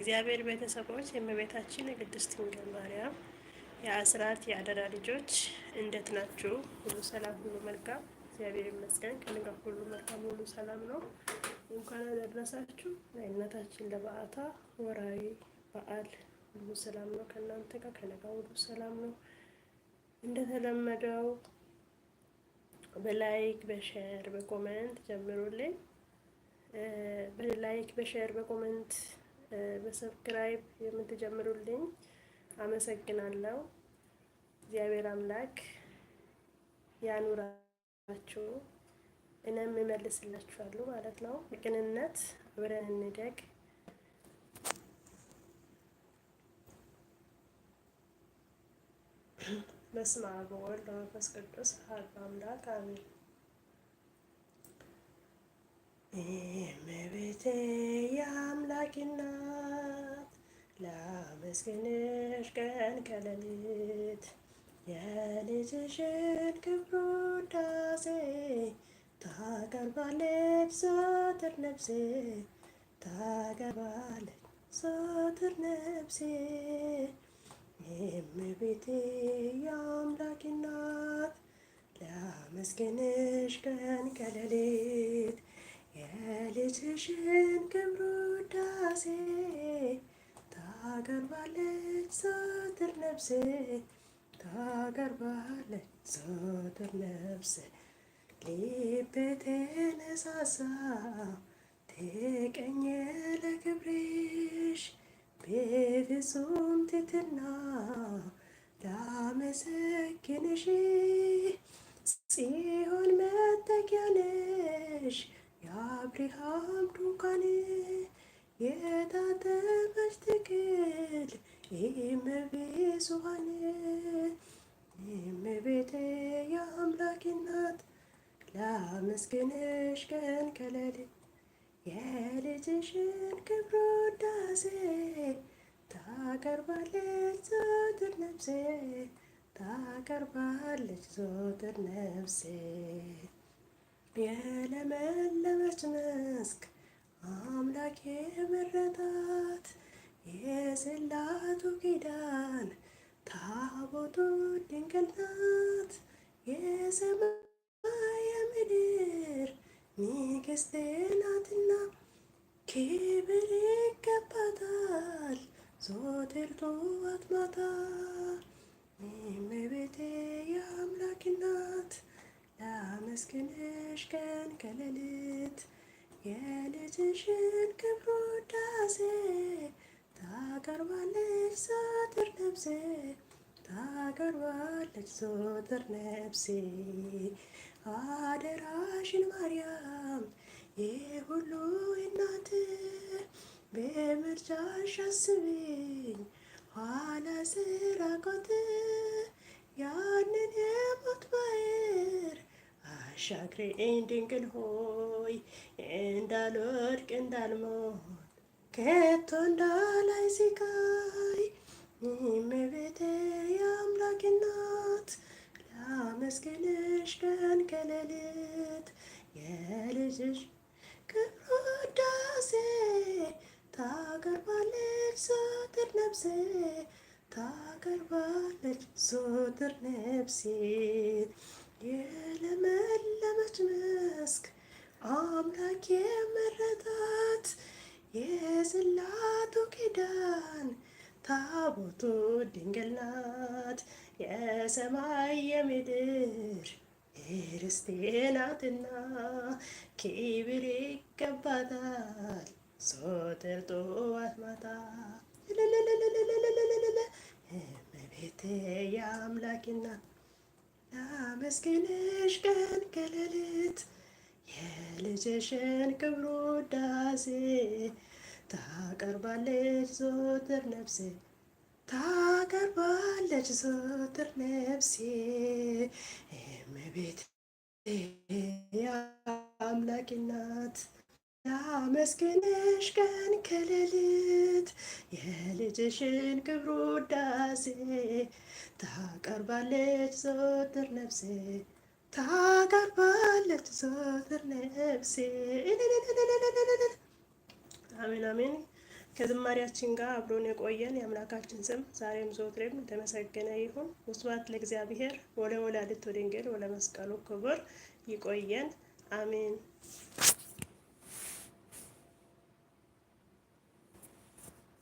እግዚአብሔር ቤተሰቦች የእመቤታችን የቅድስት ድንግል ማርያም የአስራት የአደራ ልጆች እንዴት ናችሁ? ሁሉ ሰላም፣ ሁሉ መልካም፣ እግዚአብሔር ይመስገን። ከንጋ ሁሉ መልካም፣ ሁሉ ሰላም ነው። እንኳን አደረሳችሁ ለእናታችን ለበዓታ ወራዊ በዓል። ሁሉ ሰላም ነው ከእናንተ ጋር፣ ከነጋ ሁሉ ሰላም ነው። እንደተለመደው በላይክ በሼር በኮመንት ጀምሩልኝ። በላይክ በሼር በኮመንት በሰብስክራይብ የምትጀምሩልኝ አመሰግናለሁ። እግዚአብሔር አምላክ ያኑራችሁ። እኔም እመልስላችኋለሁ ማለት ነው። በቅንነት አብረን እንደግ። በስመ አብ ወወልድ ወመንፈስ ቅዱስ አሐዱ አምላክ አሜን። እመቤቴ የአምላክ እናት አመስግንሽ ቀን ከሌሊት የልጅሽን ክብሩ ዳሴ ታቀርባለች ነፍሴ ታቀርባለች ዘወትር ነፍሴ እመቤቴ እናት ላመስግንሽ ቀን ከሌሊት የልጅሽን ክብሩ ታገርባለች ዘወትር ነፍሴ ታገርባለች ዘወትር ነፍሴ ልቤ ተነሳሳ ተቀኘ ለክብርሽ በፍጹም ትሕትና ላመሰግንሽ ጽዮን መጠጊያ ነሽ የአብርሃ እመቤቴ እመቤቴ የአምላኬ እናት ላመስግንሽ ቀን ከሌሊት የልጅሽን ክብር ውዳሴ ታቀርባለች ዘወትር ነፍሴ ታቀርባለች ዘወትር ነፍሴ የለመለመች መስክ አምላኬ መረጣት የስላ የእምነቱ ኪዳን ታቦቱ ድንቅናት የሰማይ የምድር ንግሥት ናትና ክብር ይገባታል ዘወትር ጠዋት ማታ። እመቤቴ የአምላክ እናት ላመስግንሽ ቀን ከሌሊት የልጅሽን ክብር ውዳሴ ታቀርባለች ዘወትር ነፍሴ ታቀርባለች ዘወትር ነፍሴ አደራሽን ማርያም የሁሉ እናት በምርጫሽ አስቢኝ ኋላ ስራቆት ያንን የሞት ባህር አሻግሬ ድንግል ሆይ እንዳልወድቅ እንዳልሞት ከቶ እንዳላይ ሲቃይ እመቤቴ የአምላኬ እናት ላመስግንሽ ቀን ከሌሊት የልጅሽ ክብር ውዳሴ ታቀርባለች ዞትር ነፍሴ ታቀርባለች ዞትር ነፍሴ የለመለመች መስክ አምላክ የመረ የጽላቱ ኪዳን ታቦቱ ድንግል ናት የሰማይ የምድር እርስቴ ናትና ክብር ይገባታል ሶትር ጠዋት ማታ እመቤቴ የአምላክና ላመስግንሽ ቀን ከሌሊት የልጅሽን ክብር ውዳሴ ታቀርባለች ዞትር ነፍሴ ታቀርባለች ዞትር ነፍሴ እመቤቴ የአምላኬ ናት። ላመስግንሽ ቀን ከሌሊት የልጅሽን ክብር ውዳሴ ታቀርባለች ዞትር ነፍሴ ታቀርባለች ዞትር ነፍሴ አሜን አሜን። ከዝማሪያችን ጋር አብሮን የቆየን የአምላካችን ስም ዛሬም ዘወትርም የተመሰገነ ይሁን። ወስብሐት ለእግዚአብሔር ወለወላዲቱ ድንግል ወለመስቀሉ ክቡር። ይቆየን። አሜን